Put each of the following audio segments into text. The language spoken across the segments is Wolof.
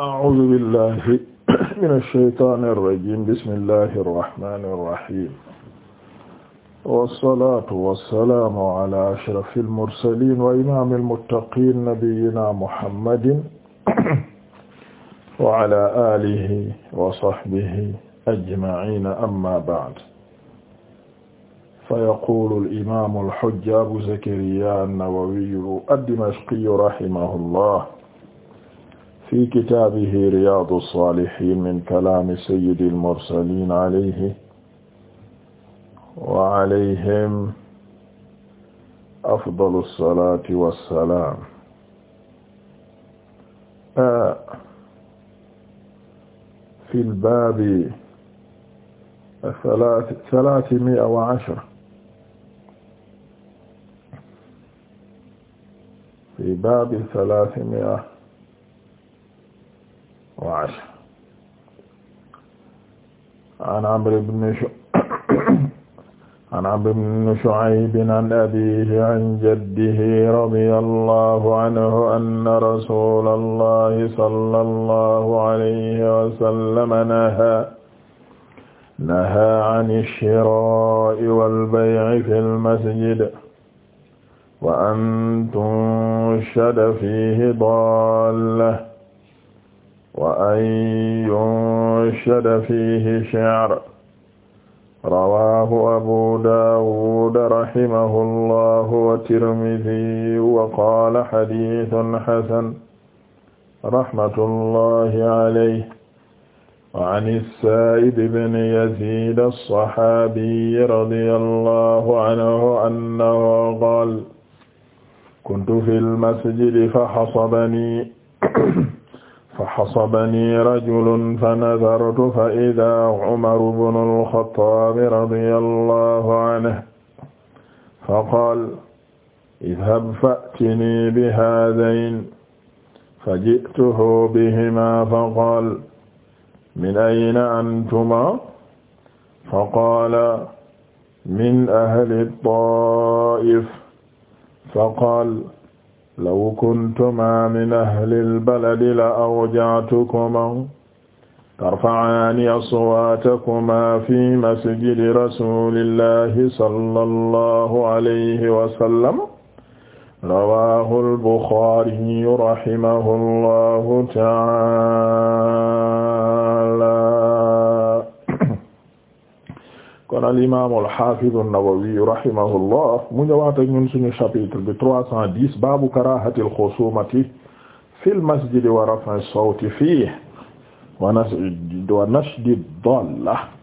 a'uuzu billahi mina shaytaani rajiim bismillahi rahmaani rahiim wasalaatu wasalaamu ala ashrafil mursaliin wa imaamil muttaqiin nabiyyinaa muhammadin wa ala aalihi wa sahbihi ajma'iina amma ba'd fayaquulu al-imaamul hujja abu zakariyaa an-nawawiyyu ad-dimashqiyyu rahimahullah fi kitaabihi riyaadu saalihiin min kalaami sayyidil mursaliin alayhi wa alayhim afdalu salaati wa salaam. fil baabi salaasimi'a wa ashra fi baabi salaasimi'a wa ash an Amr ibn an Amr ibn Shu'ayb an abiihi an jaddihi radiyallahu anhu anna rasuulallahi sallallahu alayhi wa sallam nahaa nahaa an ash-shiraa'i wal bay'i fil masjid wa an tunshada fiihi daallah wa an yunshada fiihi shi'r rawaahu abu daawud rahimahullahu wa tirmidhi wa qaala hadiisun hasan rahmatullahi alayhi wa an as-saa'ib ibn yaziid as-sahaabiy radiyallahu anhu annahu qaala kuntu fil masjidi fa hasabani فحصبني رجل فنظرت فإذا عمر بن الخطاب رضي الله عنه فقال اذهب فأتني بهذين فجئته بهما فقال من أين أنتما فقال من أهل الطائف فقال law kuntuma min ahlil baladi la awja'tukuma tarfa'aani aswaatakumaa fi masjidi rasuulillahi sallallahu alayhi wa sallam rawaahul buxaari rahimahullahu ta'aala kon al imaam al haafiz an-Nawawi rahimahullah mu ñëwaat ak ñun suñu chapitre bi trois cent dix baabu karaahati al-xusuumati fi al-masjidi wa raf'i as-sawti fiihi wa nashdi ad-daalla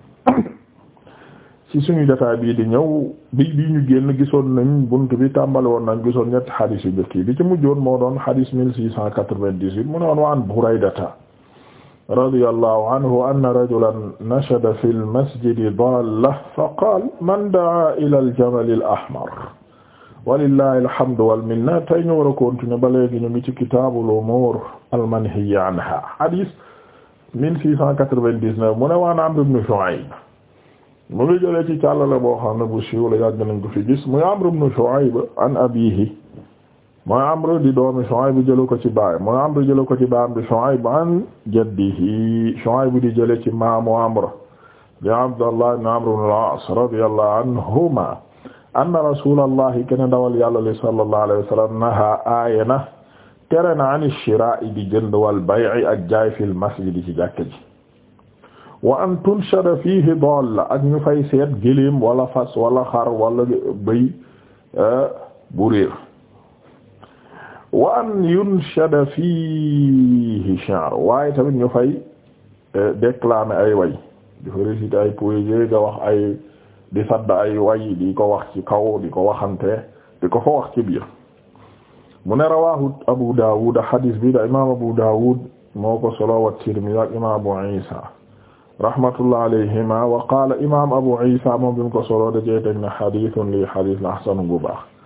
ci suñu jotaay bii di ñëw bi bi ñu génn gisoon nañ bunt bi tàmbali woon nañ gisoon ñetti xadiis bi ci mujjoon moo doon xadiis mille six cent quatre-vingt-dix-huit mu ne woon wa an radiyallahu anhu anna rajulan nashada fi lmasjidi daalla faqaala man daa ila aljabali alahmar walillahi alhamdu walminna tey ñu war a continuer ba léegi ñu ngi ci kitaabul umuur almanhiyya anha hadis 1699 mu ne waan Amr ibn Shu'ayb mu ngi jëlee ci càllale boo xam ne bu siiw la yàgg nañ ko fi gis muy Amr ibn Shu'ayb an abiihi mooy Amr di doomi Shuayb bu ko ci baay mooy Amr jële ko ci baayam bi di jële ci maamu Amr bi Abdallah ibn Amr ibn al-As anhuma anna rasulallahi kene dawal yàlla li sallallahu alayhi wa sallam naha aaye na tere na an di jënd wa an tunshada fiihi dalla ak ñu fay seet wala fas wala xar wala bëy eh, bu wa an yunshada fiihi sha'r waaye tamit ñu fay eh, déclamer ay way di fa réciter ay poésie ga wax ay di sadd ay way di ko wax ci kaw di ko waxante di ko fa wax ci biir mu ne rawahu Abu Dawud hadis bi da imam Abu Dawud moo ko solo wa ci ak imam Abu Isa rahmatullah alayhima wa qala imam Abu Isa moom bi ko solo da jeeteg na hadithun li hadith la ahsanu bu baax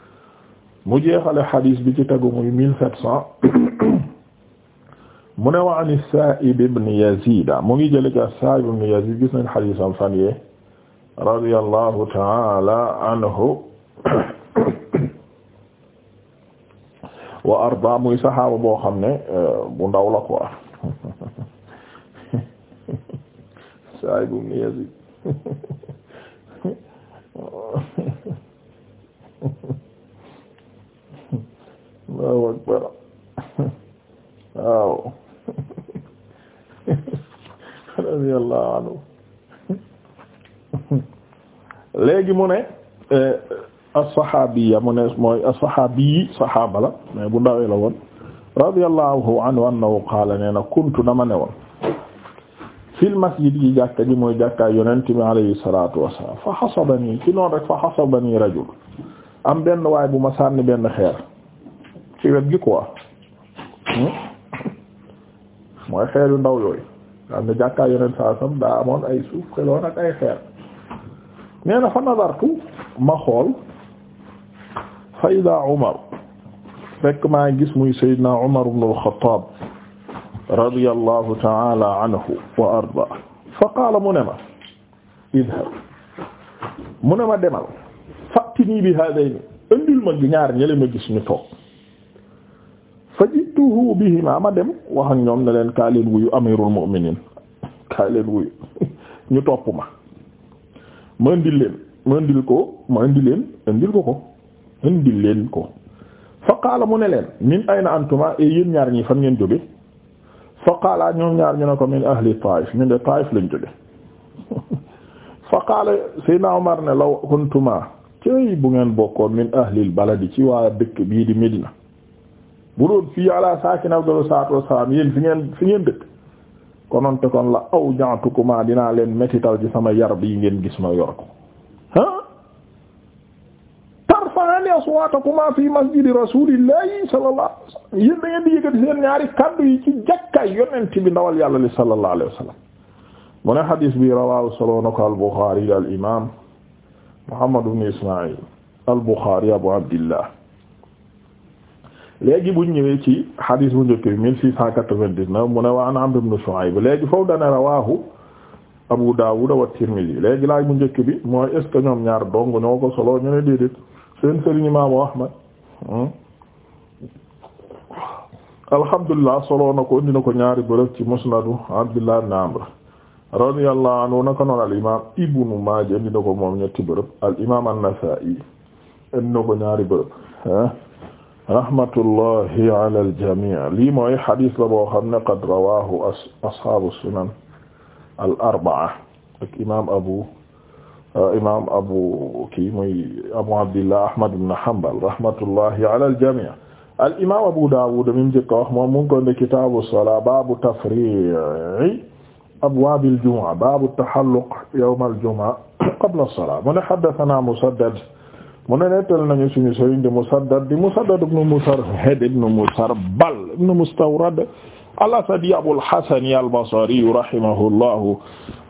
mu jeexale xadis bi ci tegu muy mille sept cent mu ne wa an as-Sa'ib mu ngi jële ci as-Sa'ib ibn Yazid gis nañ xadisam fan yee radiyallahu ta'ala anhu wa arda muy saxaaba boo xam ne euh, bu ndaw la quoi Sa'ib ibn Yazid Allahu akbar waaw radiyallahu anhu léegi mu ne eh, as-sahabiya mu ne mooy as-sahabi sahaaba la mais bu ndawee la woon radiyallahu anhu annahu qaala nee na kuntu dama ne woon fil masjid yi jàkka ji mooy jàkkaay yonent bi rajul am benn waay bu ma sànni benn xeer ci wet gi quoi hmm? mooy xeer yu ndaw yooyu am na jàkkaa yeneen saa ay suuf xeloon ak ay xeer nee fa nazartu ma xool fa ida Umar fekk maa gis muy Seydina Umar ibn al-Khattab ta'ala anhu wa arda fa qaala mu ne ma idhab mu ne ma demal fa'tini bi hadayn indil ma ñaar ñele ma gis ñu fa jituhu bihima ma dem wax ak ñoom ne leen kaay leen wuyu amirul mu'minin kaay leen wuyu ñu topp ma ma indil leen ma indil ko ma indil leen indil ko leen ko fa qaala mu ne leen min ayna antuma e yéen ñaar ñi fan ngeen jóge fa qaala ñoom ñaar ñu ne ko min ahli taif ñu ne taif lañ jóge fa qaala sayna Umar ne law kuntuma cëy bu ngeen bokkoon min ahlil baladi ci waa dëkk bii di Medina bu doon fii ala saakin afdalu salaatu wassalaam yéen fi ngeen fi ngeen dëkk kononte kon la aw jantukuma leen métital ci sama yar bii ngeen gis ma yor ko ah fi masjidi rasuulillahi sallallahu alayhi wasallam yéen da ngeen di kaddu yi ci jàkkaay yonent bi ndawal yàlla li sallallahu alayhi wasallam bi rawaahu solo na ko al-Bukhari al imam Muhammad ibn Isma'il al-Bukhari Abu Abdillah léegi bu ñëwee ci hadis bu njëkk bi 1699 mu ne wa an Amr ibn Shu'ayb léegi foofu dana rawahu Abu Dawud wa Tirmidhi léegi laaj bu njëkk bi mooy est ñoom ñaar dong ñoo ko solo ñu ne déedéet seen sëriñ Imaamu Ahmad hmm? alhamdulilah solo na ko indi ko ñaari bërëb ci musnadu Abdullah ibn Amr radiyallahu anhu naka noonu al imaam Ibnu Maaja indi ko moom ñetti bërëb al imaam An-Nasaa'i indi na ko ñaari bërëb hmm? rahmatullahi ala al-jamii lii mooy xadis la boo xam ne qad rawaahu as ashaabu sunan al arbaa ak imaam abu euh, imaam abu kii muy abu abdillah ahmad ibn hanbal rahmatullahi ala al-jamii al imaam abu daawud mi ngi njëkk a wax moom mu ngi ko ne kitaabu salaa baabu tafrii'i abwaabil jumu'a baabu tahalluq yawmal jumu'a qabla as-salaa mu ne haddathanaa musaddad mu ne nettal nañu suñu sëriñ di Musaddad di Musaddad ibn Musarhad ibn Musarbal ibn Mustawrad al-Asadi Abul Hasan al-Basri rahimahullahu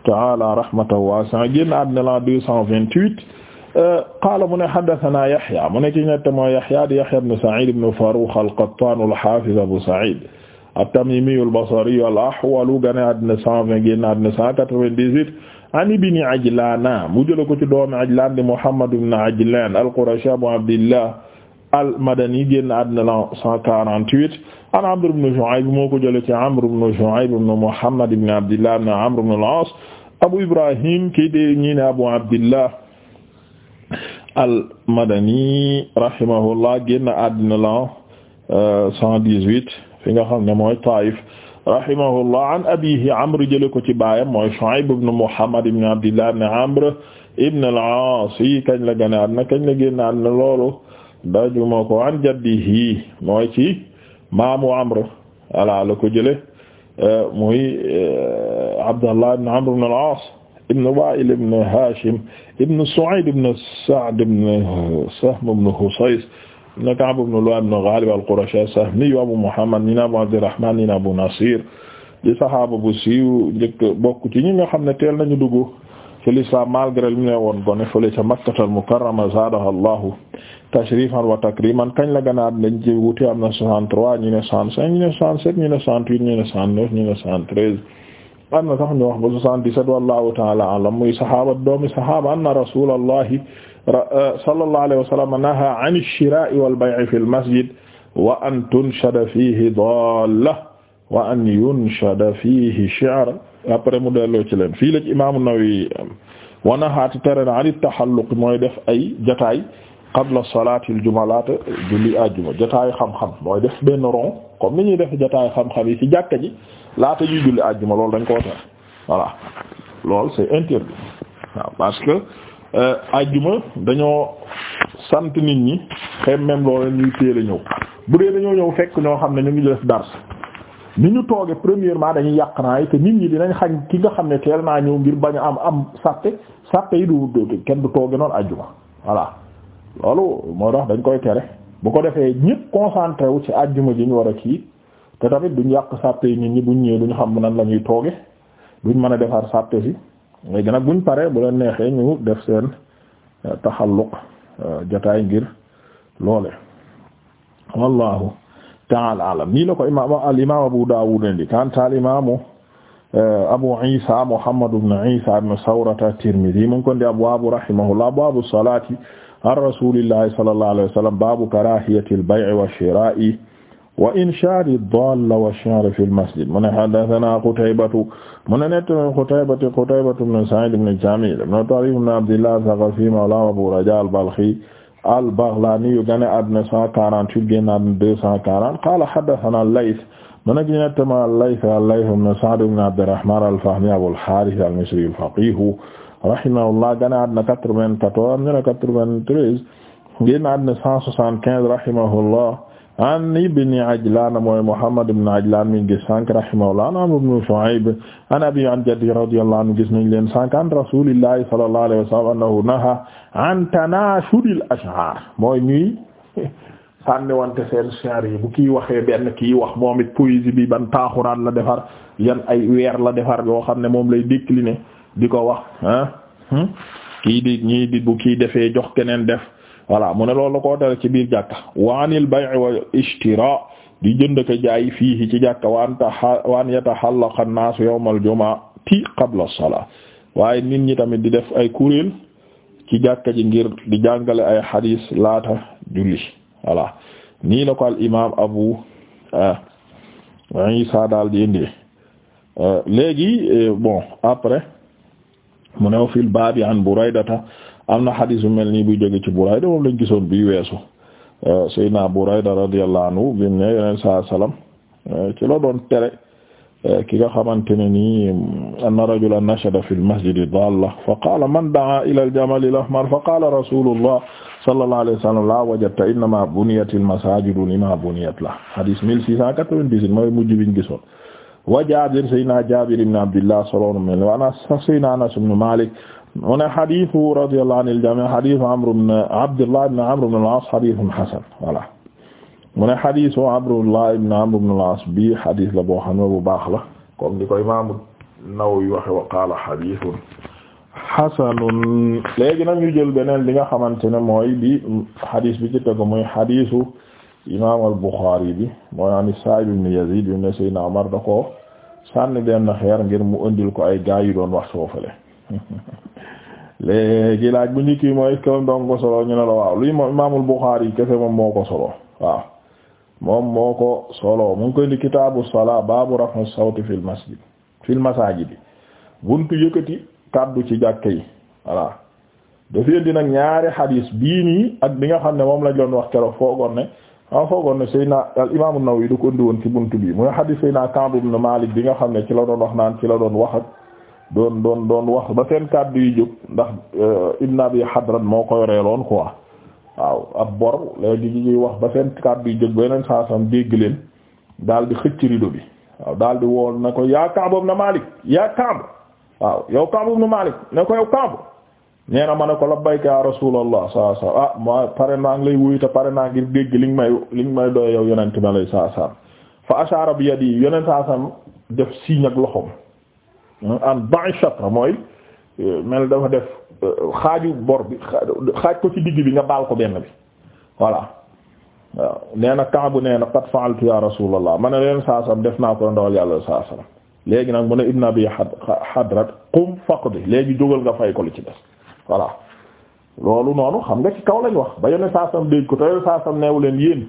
ta'ala rahmatan wasi'a génn àddina la 228 qaala mu ne haddasanaa Yaxya mu ne ci ñett mooy Yaxya di Yaxya ibn Saciid ibn Farrux al-Qattaan al-Haafiz Abu Saciid at-Tamiimi al-Basri al-Ahwal gane àddina 120 génn àddina 198 an ibni Ajlaan mu jëla ko ci doomi Ajlaan di Muhammad ibn Ajlaan al-Qurashi Abu Abdillah al-Madani génn àddina la an Amr ibn Shu'ayb moo ko jële ci Amr ibn Shu'ayb Muhammad ibn Abdillah ibn Amr ibn al-As Abu Ibrahim kii de ñi Abu Abdillah al-Madani rahimahullah génn àddina la 118 fi nga xam ne mooy Taïf rahimahullah an abihi amr jële ko ci baayam mooy Shu'ayb ibn Muhammad ibn Abdillah ibn Amr ibn al-Aas yi kañ la gane adna kañ la génn adna loolu dajuma ko an jaddihi mooy ci maamu Amr ala la ko jële euh, muy euh, Abdallah ibn Amr ibn al-Aas ibn Wa'il ibn Hashim ibn Su'ayd ibn Sa'd ibn Sahm ibn Husays na Ka'b ibn Lu'ay ibn Ghalib al-Qurashi as-Sahmi Abu Muhammad ni Abu Abdirrahman ni Abu Nasir di saxaaba bu si njëkk bokk ci ñi nga xam ne teel nañu dugg ci l'islam malgré li mu ne woon gone fële ca Makkatal Mukarrama zaadaha Allahu tashrifan wa takriman kañ la ganaat dañ ci wuute am na 63 ñu ne 65 ñu ne 67 ñu ne 68 ñu ne 69 ñu ne 73 am na sax ñu wax ba 77 wallahu ta'ala alam muy saxaaba doomi saxaaba anna rasulallahi Euh, sallallahu alayhi wa sallam naha an ash-shiraa'i wal bay'i fil masjid wa an tunshada fiihi daalla wa an yunshada fiihi shi'r après mu delloo ci leen fii la ci imaamu Nawawi wa nahaati tere na an at-tahalluq mooy def ay jataay qabla salaati al-jumu'a laata julli àjjuma jataayu xam-xam mooy def benn rond comme ni ñuy def jataayu xam-xam yi ci jàkka ji laata ñuy julli àjjuma loolu dañ koo tere voilà loolu c'est interdit waaw parce que ajjuma euh, dañoo sant nit ñi xem même loolu ñuy téel a ñëw bu dee dañoo ñëw fekk ñoo xam ne ñu ngi def dars ni ñu tooge premièrement dañuy yàq naa yi te nit ñi dinañ xañ ki nga xam ne teel naa ñëw ngir bañ a am am sàppe sàppe yi du kenn du tooge noonu ajjuma voilà loolu moo tax dañ koy tere bu ko defee ñëpp concentré wu ci ajjuma ji ñu war a kii te tamit duñ yàq sàppe yi nit ñi buñ ñëwee duñ xam nañ la ñuy tooge duñ mën a defar sàppe si léegi nag buñ paree bu leen neexee ñu def seen euh, taxalluq euh, jotaay ngir loole wallahu ta'ala alam nii la ko imaam al imaam Abu Dawud indi kanta al imaamu euh, Abu Isa Muhammad ibn Isa ibn Sawrata at-Tirmidhi mu ngi ko ndi abwaabu rahimahullah abwaabu salaati ar rasulillahi sallallahu alayhi wa sallam baabu karaahiyatil bay'i wa shiraa'i wa inshaari daalla wa shi'ri fil masjid mu ne haddasanaa Qutaybatu mu ne nettali Qutaybatu Qutaybatu ibn Sa'iid ibn Jamiil ibn Tariif ibn Abdillah Saqafi mawlaa Abuu Rajaa al-Balkhi al-Baghlaani yu gane àdduna 148 génn àdduna 240 qaala haddasanaa al-Layth mu ne nettali al-Layth al-Layth ibn Sa'd ibn Abdirrahmaan al-Fahmi Abul Haarith al-Misri al-faqiih rahimahullah gane àdduna 94 93 génn àdduna 175 rahimahullah an ibni Ajlan mooy Muhammad ibn Ajlan min gis sànq rahimahullah an Amr ibn Shu'ayb an abi an jaddi radiyallahu anhu gis nañ leen sànq an rasulillahi sallallahu alayhi wa sallam annahu naha an tanashudil ash'ar mooy ñuy sànni wante seen sha'r yi bu kii waxee benn kii wax moom it poésie bi ban taaxuraan la defar yan ay weer la defar yoo xam ne moom lay décliner di ko wax ah hmm? kii di ñii di bu kii defee jox keneen def voilà mu ne loolu la koo dara ci biir jàkka wa anil bay'i wa ishtira di jënd ko jaay fii ci jàkka waan ta waan yatahallaqa an-nas yawm qabla as-salat waaye nit ñi tamit di def ay kuréel ci jàkka ji ngir di jàngale ay hadis laata julli voilà nii al imam abu euh, isa euh, euh, mu new fil baabi an Buraydata am na xadis bu mel nii buy jóge ci Burayda moom lañ gisoon bi weesu euh, Seydina Burayda radiyallahu anhu bi ne yeneen saa salaam ci la doon tere euh, ki nga xamante ne nii anna rajulan nashada fi masjidi dalla fa qaala man da'a ila al-jamalil ahmar fa qaala rasulullah sallallahu alayhi wa sallam la wajadta innama buniyat al-masajidu lima buniyat la xadis 1698 mooy mujj biñ gisoon wa Jaabir sayyidinaa Jaabir ibn Abdillah sallallahu wa Anas sayyidinaa Anas ibn Maalik mu ne hadiisu radiyallahu anil jamii' hadiisu Amr ibn Abdillah ibn Amr ibn al-As hadiisun hasan voilà mu ne hadiisu Abdillah ibn Amr ibn al-As bi hadiis la boo xam ne bu baax la comme ni ko Imaam Nawawi waxe wa qaala hadiisun hasanun léegi nag ñu jël beneen li nga xamante ne mooy bi hadiis bi ci tegu mooy hadiisu imaam al-Bukhari bi mooy ani Sa'ib ibn Yazid bi ne Seydina Omar da ko sànni benn xeer ngir mu indil ko ay gaa yu doon wax soofale léegi laaj bu njëkk mooy kaw doon ko solo ñu moom imaamul ko solo waaw moom moo ko solo mu ngi koy indi kitaabu salaa baabu rafa sawti fil masjid bi buntu yëkkati kàddu ci jàkke yi voilà dafay indi nag ñaari xadiis bii nii ak bi nga xam ne moom lañ doon wax keroog foogoon ne. maa foogoon ne Seydina al imaamu yi da ko indi woon ci buntu bi mooy xadiis Seydina Kaab ibn Maalik bi nga xam ne ci la doon wax naan ci la doon wax ak doon doon doon wax ba seen kàddu yu jóg ndax euh, bi Abi Hadrad moo ko yoreeloon quoi waaw ab bor léegi ñu ngi wax ba seen kàddu yu jóg ba yeneen saa sam dégg leen daal di xëcc rido bi waaw daal di woon na ko yaa Kaab ibn Maalik yaa Kaab waaw yow Kaab ibn Maalik ne ko yow Kaab nee na ma ne ko labbayka ya rasulallah saa saa ah ma pare naa ngi lay wuyu te pare naa ngir dégg li nga may li nga may doy yow yonent ma lay saa saa fa ashara bi yadi yonent saa saa def signe ak loxoom an ba'i shatra mooy eh, mel dafa def eh, xaaju bor bi xaaj ko ci digg bi nga baal ko benn bi voilà waaw nee na Kaabu nee na qad fa'altu ya rasulallah ma ne leen saa saa def naa ko ndawal yàlla saa saa léegi nag mu ne ibn abi hadrat qum faqdi léegi jógal nga fay ko li ci voilà loolu noonu xam nga ci kaw lañ wax ba yone saasam dégg ko te yone saasam neew leen yéen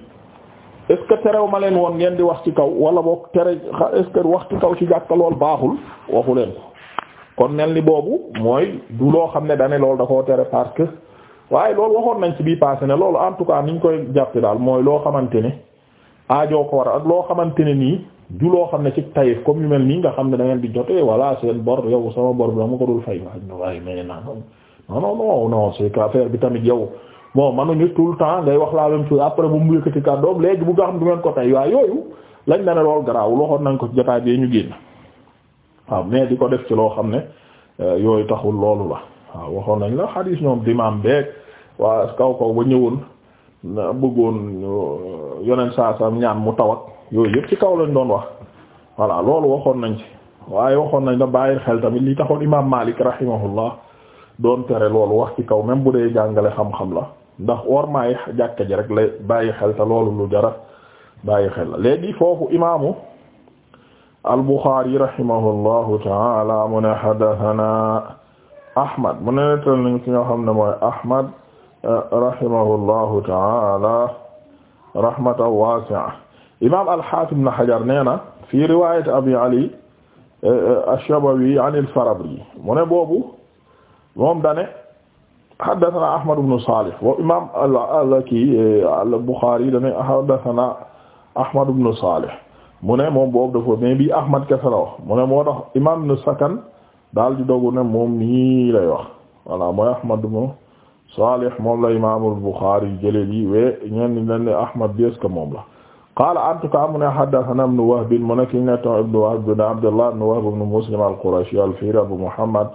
est ce terew ma leen woon ngeen di wax ci kaw wala boog tere est ce que wax ci kaw ci jàkka lool baaxul waxu leen ko kon mel ni boobu mooy du loo xam ne dane loolu da koo tere parce que waaye loolu waxoon nañ ci bii passé ne loolu en tout cas niñ koy jàppe daal mooy loo xamante ne aajoo ko war ak loo xamante ne nii du loo xam ne ci tayif comme yu mel nii nga xam ne da ngeen di jotee voilà seen fay waaye waaye mais naa non ah, non non non c'est que affaire bi tamit yow bon manuñu tout le temps ngay wax la même chose après bu mu yëkkati kàddoom léegi bu nga xam du ngeen ko tey waaye yooyu lañ na ne lool garaawul waxoon nañ ko ci jotaay ñu génn mais di def ci loo xam ne euh, yooyu taxul loolu la waxoon nañ la xadiis ñoom dimaam beeg waa kaw kaw ba ñëwoon bëggoon euh, yoneen saa saa ñaan mu tawat yooyu yëpp ci kaw lañ doon wax voilà loolu waxoon nañ ci waaye waxoon nañ la bàyyi xel tamit li taxoon imaam Maalik rahimahullah doon tere loolu wax ci kaw même bu dee jàngale xam la ndax ormaayi jàkka ji rek lay bàyyi xel te loolu lu jara bàyyi xel la léegi foofu imaamu al-Bukhari rahimahullahu taala mu ne hadathana ahmad mu ne nettal nañ ki nga xam ne mooy ahmad eh, rahimahullahu taala rahmatan wasi'a imam al-Hafiz ibn Hajar nee na fi riwayat abi ali eh, eh, ash-Shabawi an al-Farabri mu ne boobu moom dane haddathana ahmad ibn salih wa imam al-laki al-bukhari dane haddathana ahmad ibn salih mu ne moom boobu dafa mais bi ahmad kese la wax moo tax imam ibn sakan daal di dogu moom nii lay wax voilà mooy ahmad ibn salih moom la imam al-bukhari jële bi we ñenn dañ ne ahmad bes ka moom la qaala en tout cas mu ne haddathana ibn wahb mu ne ki ñu ne wahb ibn abdullah ibn wahb ibn muslim al-qurashi al-fihri abu muhammad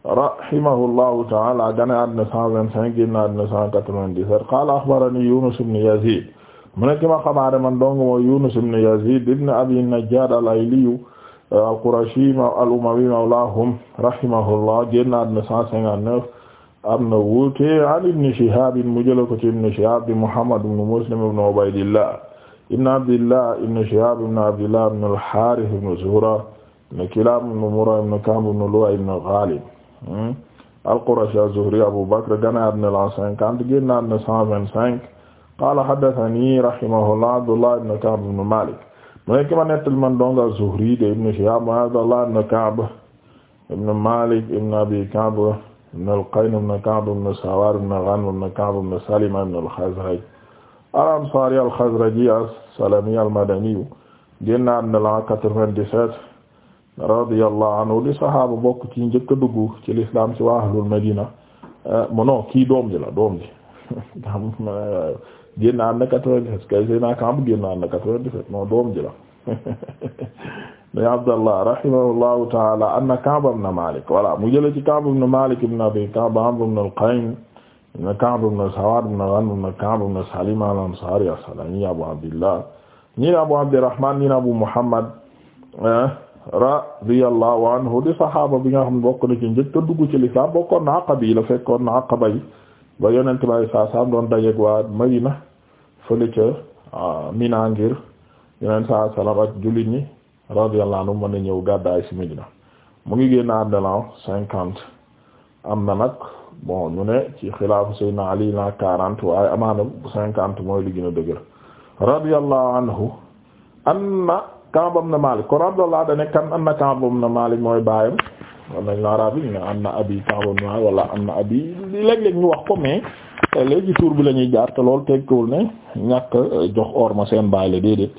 rahimahullahu ta'ala gane àddina 125 génn àddina 197 qaala axbarani Yunus ibn Yazid mu nekk ma xabaare man dong mooy Yunus ibn Yazid ibn Abi Najjad al-Ayli euh, al-Qurashi al-Umawi mawlahum rahimahullah génn àddina 159 am na wuute an Ibn Shihab mu jël ko ci Ibn Shihab di Muhammad ibn Muslim ibn Ubaydillah ibn Abdillah ibn Shihab ibn Abdillah ibn al-Harith ibn Zuhra ibn Kilab ibn Murra ibn Ka'b ibn Lu'ay ibn Ghalib Hmm? al-Qurashi az-Zuhri Abu Bakr ganaar na la cinquante génnaar na cent vingt-cinq qaala haddathanii rahimahullah Abdullah ibn Ka'b ibn Malik mu nekk ma nettal man dong az-Zuhri de ibn Shihab Abdullah ibn Ka'b ibn Malik ibn Abi Ka'b ibn al-Qayn ibn Ka'b ibn Sawar ibn Ghanm ibn Ka'b ibn Salima ibn al-Khazraj al-Ansari al-Khazraji as-Salami al-Madani génnaar na la quatre-vingt-dix-sept radiyallahu anhu di saxaaba bokk ci njëkk a dugg ci l'islam ci waa ahlul madina euh, mu non kii doom ji la doom ji génn ànd na quatre-vingt-dix-sept kay Seydina Kaab génn doom ji la ne Abdallah rahimahullahu taala anna Ka'b ibn Malik voilà mu jële ci Ka'b ibn Malik ibn Abi Ka'b Amr ibn al-Qayn Abu Abdillah ñi Abu Abdirrahman ñi Abu Muhammad radiyallahu anhu di saxaaba bi nga xam ne bokk na ci njëkk te dugg ci li lislaam bokkoon na Aqaba yi la fekkoon na Aqaba yi ba yonent bay saa saam doon dajeek waa Madina fële ca ah, Mina ngir yonent saa salaam ak jullit ñi radiyallahu anhu mën na ñëw gàddaay ci Madina mu ngi génn àddina cinquante am na nag bon ñu ne ci xilaafu Seydina Ali la quarante waaye amaana cinquante mooy li gën a anhu anna Ka'b ibn Malik kon Abdullah da ne kan anna Ka'b ibn Malik mooy baayam war nañ la arabi ne anna abi Ka'b ibn abi léeg-léeg ñu wax ko mais léegi tur bi la ñuy jaar te loolu tekkiwul ne ñàkk jox or ma seen baay la déedéet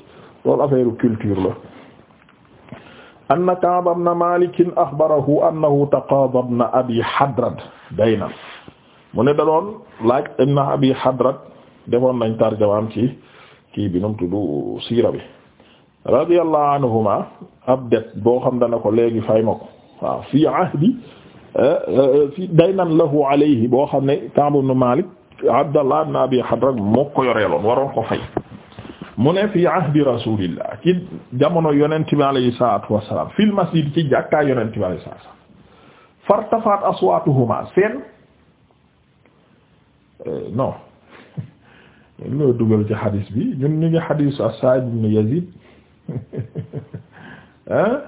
loolu affaire culture la anna Ka'b ibn Malik akhbarahu annahu taqaada ibn abi Hadrad abi Hadrad defoon nañ tarjamaam ci kii bi nu mu siira bi radiyallahu anhuma ab boo xam dana ko léegi fay ma ko waaw ahdi fi lahu alayhi boo xam ne Ka'b ibn Malik Abdallah ibn Abi Hadrad moo ko yoreeloon waroon ko fay mu ne fii ahdi rasulillah ci jamono yonent bi alayhi salaatu wassalaam fil masjid ci jàkkaay yonent bi alayhi salaatu wassalaam fartafaat aswaatuhuma seen non ñun dugal ci xadis bi ñun ñu ngi xadisu as Yazid ah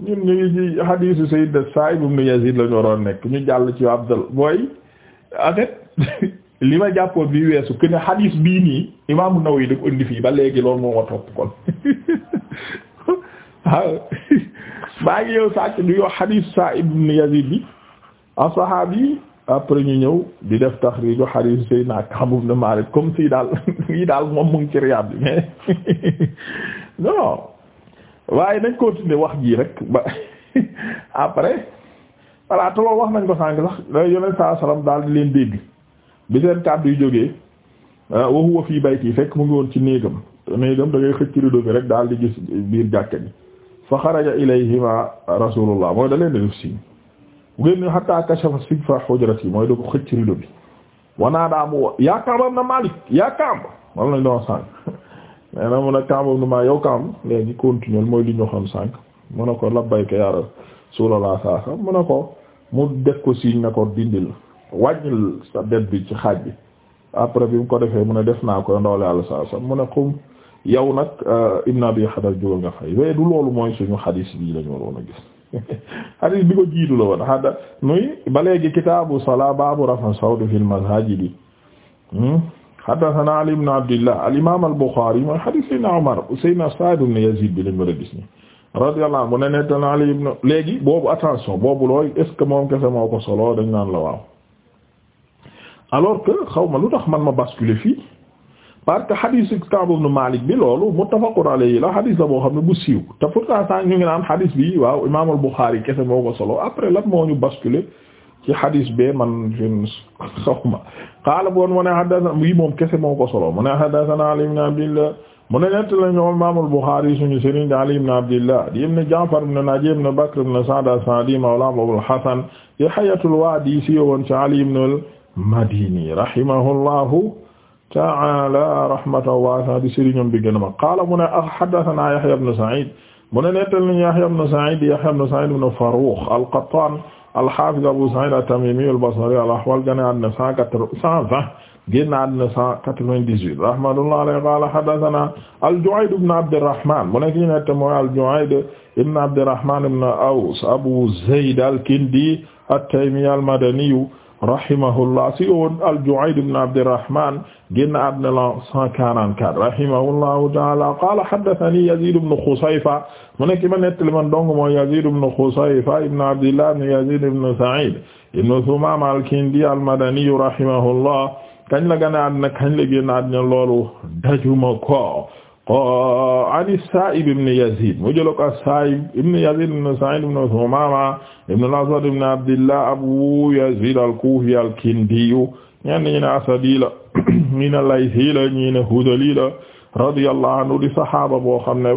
ñun ñu ngi ci hadiisu Sayyid Sa'ib ibn Yazid la ñu nekk ñu jàll ci Abdul mooy en li ma jàppoon bi weesu ki ne hadiis bii nii Imaam Nawawi da ko indi fii ba léegi loolu moo ma topp kon waaw maa ngi yow sàcc du yow hadiisu Sa'ib ibn Yazid bi as-sahabi après ñu ñëw di def taxriiju xadiis Seydina Kaab ibn Maalik comme si daal yi daal moom mu ngi ci Riyaad bi mais non waaye nañ continuer wax jii rek ba après voilà te wax nañ ko sànq sax da yonent saa salaam daal di leen dégg bi seen kàddu yu jógee ah, wa huwa fii bayti fekk mu ngi woon ci néegam néegam da ngay xëcc rido bi rek daal di gis biir jàkka bi fa xaraja ilayhima rasulullah mooy da leen def signe génn hatta kashafa sifa hujrati mooy da ko xëcc rido bi wanaa daa mu wo yaa Kaab na Maalik yaa Kaab wala lañ doon sànq mais nag mun a Kaab ibn Maalik yow Kaab léegi continuer mooy li ñu xam sànq mu ne ko labbayka yaa Rasuulullaah saa sa mu ne ko mu def ko siiñ ne ko dindil wàññil sa det bi ci xaaj bi après bi mu ko defee mu ne def naa ko ndoole Yàlla saa sa mu ne xum yow nag euh, Ibn Abi Hadar jógal nga fay waaye du loolu mooy suñu xadiis bii la ñu waroon a hadis bi ko jiitu la woon hada muy ba léegi kitaabu salaa baabu rafa sawd fil masaajid haddasanaa hmm? Ali ibn Abdillah al-imaam al-Buxaari mooy hadis Umar Seydina Saad ibn Yaziid bi lañ war a gis ni radiyallahu ne nettan Ali ibn léegi boobu attention boobu looy est que moom kese moo ko solo dañ naan la waaw alors que xaw ma lu tax man ma basculer fii parce que xadisu Kaab ibn Malik bi loolu muttafaqun alayhi la xadis la boo xam ne bu siiw te pourtant sax ñu ngi naan xadis bi waaw imaam al-Bukhari kese moo ko solo après lan moo ñu basculer ci xadis bee man jun sawma qaala mu ne haddasana mu ne haddasana Ali ibn al-Bukhari suñu sëriñ Ali ibn Abdillah di ibn Ja'far ibn Naji ibn Bakr ibn Sa'd as-Sa'di mawla Abul Hasan di Hayatul Wadi si yowoon ci Ali al-Madini rahimahullahu ta'ala rahmatan waasi'a di sëriñam bi gën a mag qaala mu ne haddathanaa Yahya ibn Sa'id mu ne nettali nañu Yahya ibn Sa'id Yahya ibn Sa'id ibn Farrukh al-Qattaan al-Haafiz Abu Sa'id at-Tamiimi al-Basri al-Ahwal gane àddina cent vingt génn àddina cent quatre-vingt-dix-huit rahmatullahi alayhi qaala haddathanaa al-Ju'ayd ibn Abdirrahmaan mu nekk ñu nett mooy al-Ju'ayd ibn Abdirrahmaan ibn Aws Abu Zayd al-Kindi at-Taymi al-Madani rahimahullah si woon al-Ju'ayd ibn Abdirrahmaan génn àddina la 144 rahimahullahu ta'ala qala haddathani Yazid ibn Khusayfa mu nekk ma nettali man dong mooy Yazid ibn Khusayfa ibn Abdillah ibn Yazid ibn Sa'id ibn Thumama al-Kindi al-Madani rahimahullah kañ la gane àddina kañ la génn àddina loolu dajuma ko an as-Sa'ib ibn Yazid mu jël ko as-Sa'ib ibn Yazid ibn Sa'id ibn Thumama ibn al-Aswad ibn Abdillah Abu Yazid al-Kufi al-Kindi ñenn ñi ne Asadi la ñii ne Laysi la ñii ne Hudali la radiyallahu anhu di saxaaba boo xam ne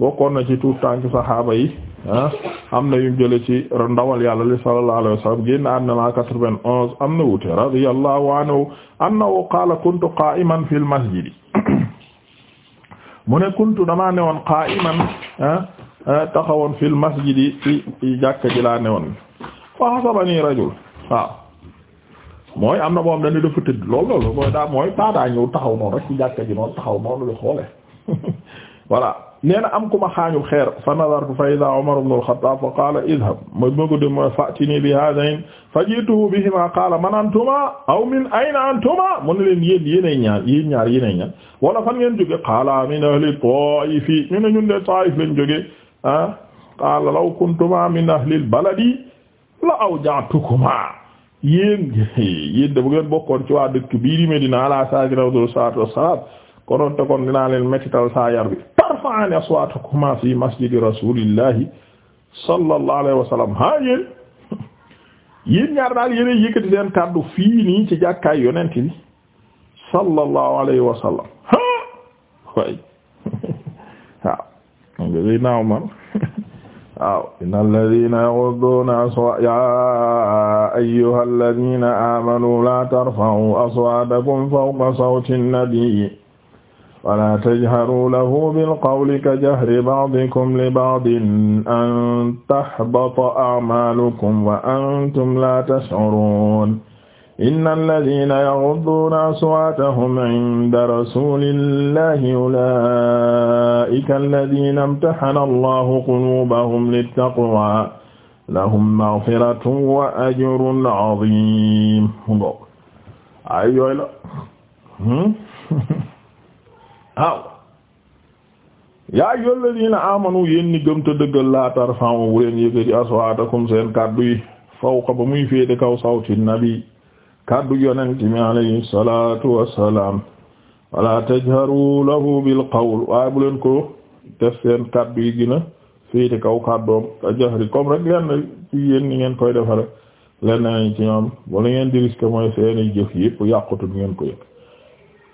bokkoon na ci tuut tànk saxaaba yi ah am na yu jële ci ndawal yàlla li sallallahu alayhi wa sallam génn àddina la 91 am na wuute radiyallahu anhu annahu qaala kuntu qaa'iman fil masjidi mu ne kuntu damaa newoon qaa'iman ah, ah, taxawoon masjidi ci jàkka ji laa newoon fa hasabani rajul mooy am na moom dañ dafa tëdd lool loolu mooy daa mooy paadaa ñëw taxaw noonu rek ci jàkka ji noonu taxaw noonu li xoole voilà nee na am ku ma xaañu xeer fa nadartu fa ida Umar ibn al-Khattab fa qala idhab ma bëgg de ma fatini bi hadayn fa jiituhu bihima qaala man antuma aw min ayna antuma mu ne leen yéen yéenay ñaar yéen ñaar yéenay ñaar wala fan ngeen jóge qaala min ahli Taif ñu ne ñun de Taif lañ jóge ah qaala law kuntuma min ahli al-baladi la awja'tukuma yéen yéen bu ngeen bokkoon ci waa dëkk bii di Medina ala saakina afdalu salaatu kon dinaa leen mettital saa yar bi tarfa'ani aswaatakumaa fi masjidi rasuulillahi sallallahu alayhi wa sallam ha yéen yéen ñaar daal seen kàddu fii nii ci jàkkaay yonent bi sallallahu alayhi wa sallam ha way waaw naaw man waaw inna alladina yaghudduuna aswa ya ayyuha alladina amanu la tarfa'u aswaatakum fawqa sawti nnabii wala tajharu lahu bilqawli ka jahri ba'dikum li ba'din an tahbata a'malukum wa antum la tash'urun inna alladina yaghudduuna aswaatahum inda rasulillahi ulaa'ika alladina imtahana allahu quluubahum littaqwa lahum maghfiratun wa ajrun aziim ay yooyu la hmm? waaw yaa ayyuhal ladina aamanu yéen ñi gëm te dëggal laa tarfa'u leen yëkkati aswaatakum seen kàddu yi fawqa ba muy féete kaw sawti nabi kàddu yonent mi alayhi salatu wassalam wala tajharu lahu bil qawl waaye bu leen ko def seen kaddu yi gën a féete kaw kaddoom ka jahri comme rek leen ci yéen ngeen koy defare leen nañ ci ñoom wala ngeen di risque mooy seeni jëf yëpp yàqutu ngeen ko yëpp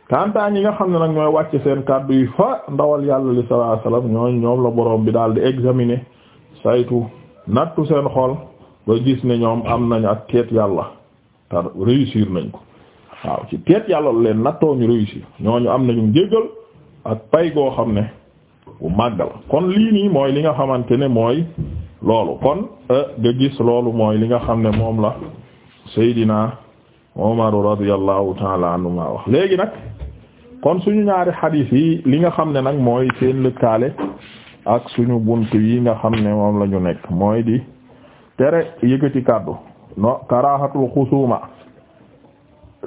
kantaa ñi nga xam ne nag ñooy wàcc seen kaddu yi fa ndawal yàlla li sallallahu alayhi wasallam ñooñ ñoom la boroom bi daal di examiner saytu nattu seen xol ba gis ne ñoom am nañu ak teet yàlla tar réussir nañ ko waaw ci teet yàlla leen nattoo ñu réussir ñooñu am nañu njéggal ak pay goo xam ne bu màgg kon lii nii mooy li nga xamante ne mooy loolu kon euh, nga gis loolu mooy li nga xam ne moom la Seydina Umar radiyallahu taala anhuma wax léegi nag kon suñu ñaari xadiis yi li nga xam ne nag mooy seen lëkkaale ak suñu bunt yi nga xam ne moom lañu nekk mooy di tere yëkkati kàddu no karahatul xusuma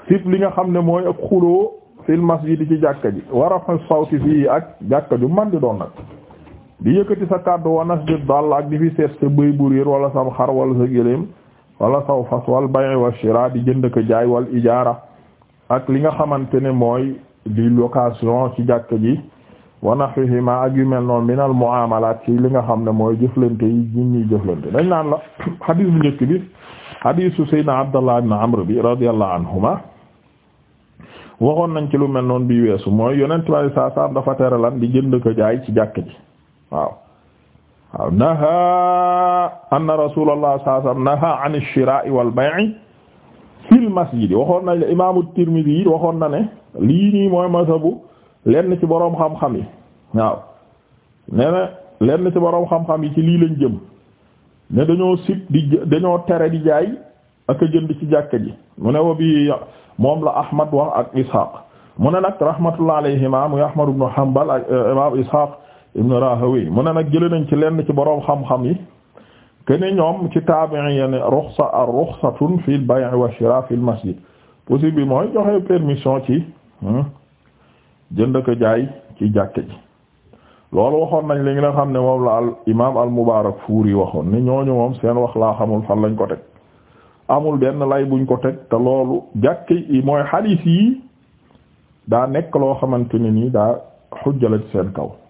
sib li nga xam ne mooy ak xuloo fil masjid ci jàkka ji wa rafa sawti fii ak jàkka ju man di doon nag di yëkkati sa kàddu wanas di dall ak di fi seet sa bëy bu réer wala sam xar wal sa gëléem wala saw fas wal bay wa shira di jënd ko jaay wal ijaara ak li nga xamante ne mooy di location ci jàkka ji wanaxihima ak yu mel noonu minal muamalaat ci li nga xam ne mooy jëflante yi ñun ñuy jëflante dañ naan la xadiis bu njëkk bi hadisu saydna abdallah ibn amr bi radiyallahu anhuma waxoon nañ ci lu mel noonu bi weesu mooy yonent bi alai saa salaam dafa tere lan di jënd ko jaay ci jàkk ji waaw waaw naha anna rasulullah sallallahu alayhi an ash-shira'i wal bay'i fil masjid waxoon nañ i imaamu Tirmidhi yi waxoon na ne lii nii mooy masabu lenn ci boroom xam-xam yi waaw nee ci boroom xam-xam yi ci lii lañ jëm ne dañoo sib di dañoo tere di jaay ak jënd ci jàkka ji mu ne wa bi moom la ahmad wax ak ishaq mu ne nag rahmatullah alayhima muy ahmad ibn hanbal ak eh, imam ishaq ibn rahawi mu ne nag jële nañ ci lenn ci boroom xam-xam yi kene ñoom ci tabi'i ya ne ruxsa fi al wa shira fi al masjid possible bi mooy joxe permission ci hmm, jënd ko jaay ci jàkka ji loolu waxoon nañ li nga xam ne moom la al imaam al mubaarak fuuri waxoon ni ñooñu moom seen wax laa xamul fan lañ ko teg amul benn lay buñ ko teg te loolu jàkk yi mooy xadiis yi daa nekk loo xamante ne nii daa xujjala ci seen kaw